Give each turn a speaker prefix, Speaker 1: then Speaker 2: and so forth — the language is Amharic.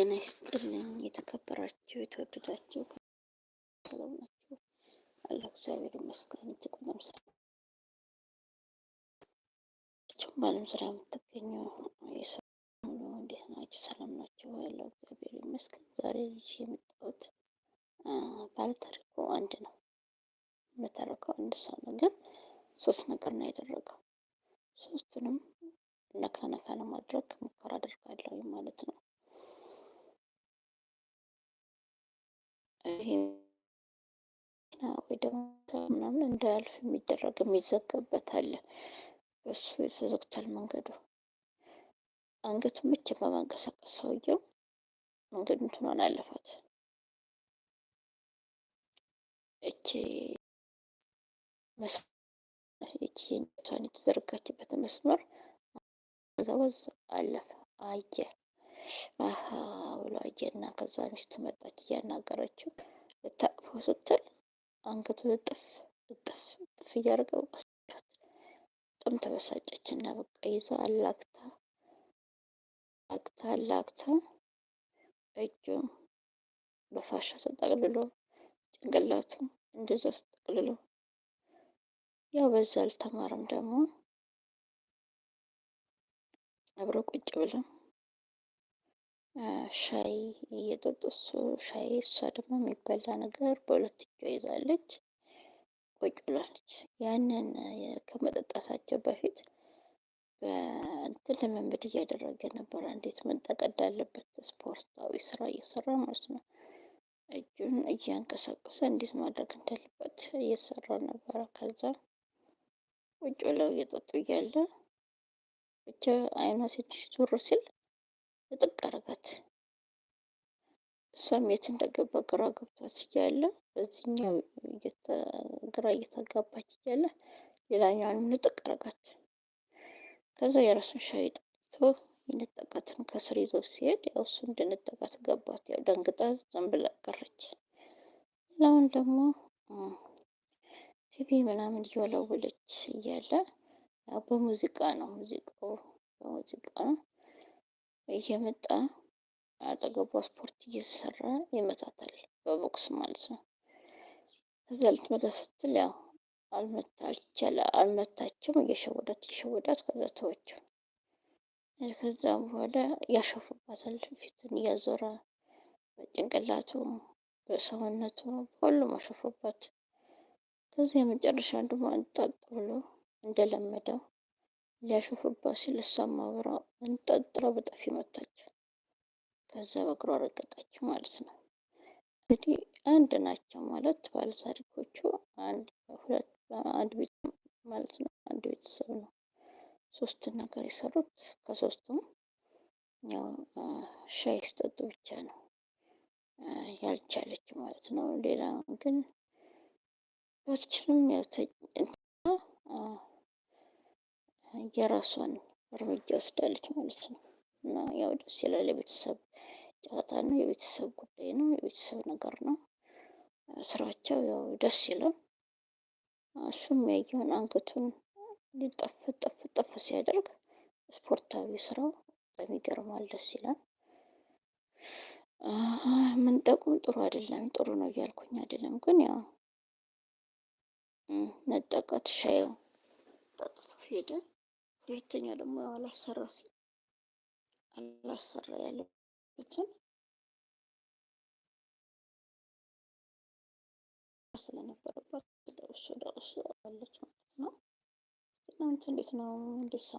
Speaker 1: ጤና ይስጥልኝ የተከበራችሁ የተወደዳችሁ ሰላም ናችሁ? አለሁ እግዚአብሔር ይመስገን። ትቁም ሰላም በዓለም ዙሪያ የምትገኙ የሰው ሁሉ እንዴት ናችሁ? ሰላም ናችሁ? ያለው እግዚአብሔር ይመስገን። ዛሬ ይዤ የመጣሁት ባለታሪኩ አንድ ነው። በተረከው አንድ ሰው ነው፣ ግን ሶስት ነገር ነው ያደረገው። ሶስቱንም ነካ ነካ ለማድረግ ሙከራ አድርጋለሁ ማለት ነው። ይሄ ወይ ደግሞ ምናምን እንዳያልፍ የሚደረግ የሚዘጋበት አለ። በሱ የተዘግቷል መንገዱ። አንገቱን ብቻ በማንቀሳቀስ ሰውየው መንገዱ እንትኗን አለፋት። እቺ እቺ የተዘረጋችበት መስመር ዛወዝ አለፈ አየ ብሎ አየና ከዛ ሚስት መጣች እያናገረችው ልታቅፈው ስትል አንገቱ ልጥፍ ልጥፍ ልጥፍ እያደረገ ቀስራት በጣም ተበሳጨች እና በቃ ይዛ አላግታ አግታ አላግታ እጁ በፋሻ ተጠቅልሎ ጭንቅላቱ እንደዛ ተጠቅልሎ ያው በዛ አልተማረም ደግሞ አብሮ ቁጭ ብለው ሻይ እየጠጡ እሱ ሻይ እሷ ደግሞ የሚበላ ነገር በሁለት እጇ ይዛለች ቁጭ ብላለች። ያንን ከመጠጣታቸው በፊት በእንትን ልምምድ እያደረገ ነበረ። እንዴት መጠቀድ አለበት ስፖርታዊ ስራ እየሰራ ማለት ነው። እጁን እያንቀሳቀሰ እንዴት ማድረግ እንዳለበት እየሰራ ነበረ። ከዛ ቁጭ ብለው እየጠጡ እያለ ብቻ አይኗ ትንሽ ሲል ጥቅ አረጋት። እሷም የት እንደገባ ግራ ገብቷት እያለ በዚህኛው ግራ እየተጋባች እያለ ሌላኛዋን ንጥቅ ከዛ የራሱን ሻይ ጠጥቶ የነጠቃትን ከስር ይዞ ሲሄድ ያው እሱ እንደነጠቃት ገባት። ያው ደንግጣ ዝም ብላ ቀረች። ሌላውን ደግሞ ቲቪ ምናምን እየወለወለች እያለ ያው በሙዚቃ ነው ሙዚቃው በሙዚቃ ነው እየመጣ አጠገቧ ስፖርት እየሰራ ይመታታል፣ በቦክስ ማለት ነው። ከዛ ልትመታ ስትል ያው አልመታችም፣ እየሸወዳት እየሸወዳት ከዛ ተወችው። ከዛ በኋላ ያሸፉባታል፣ ፊትን እያዞረ በጭንቅላቱ በሰውነቱ ሁሉም አሸፉባት። ከዚያ የመጨረሻ አንዱ ማንጣጥ ብሎ እንደለመደው ሊያሾፍባት ሲል እሷም አብራ እንጠጥላ በጥፊ መታቸው። ከዛ በእግሯ ረገጠች ማለት ነው። እንግዲህ አንድ ናቸው ማለት ባለታሪኮቹ አንድ ቤት ማለት ነው። አንድ ቤተሰብ ነው። ሶስት ነገር የሰሩት ከሶስቱም ያው ሻይ ስጠጡ ብቻ ነው ያልቻለች ማለት ነው። ሌላ ግን ባልችልም ያው የራሷን እርምጃ ወስዳለች ማለት ነው። እና ያው ደስ ይላል። የቤተሰብ ጨዋታ ነው፣ የቤተሰብ ጉዳይ ነው፣ የቤተሰብ ነገር ነው። ስራቸው ያው ደስ ይላል። እሱም ያየውን አንገቱን ሊጠፍ ጠፍ ጠፍ ሲያደርግ ስፖርታዊ ስራው በጣም ይገርማል፣ ደስ ይላል። ምንጠቁም ጥሩ አይደለም፣ ጥሩ ነው እያልኩኝ አይደለም፣ ግን ያው መጠቃት ሻየው ጠጥቶ ሄደ። ሁለተኛ ደግሞ ያው አላሰራ ሲል አላሰራ ያለበትን ስለነበረባት ወደ እሱ ደርሳለች ማለት ነው። እናንተ እንዴት ነው እንዴት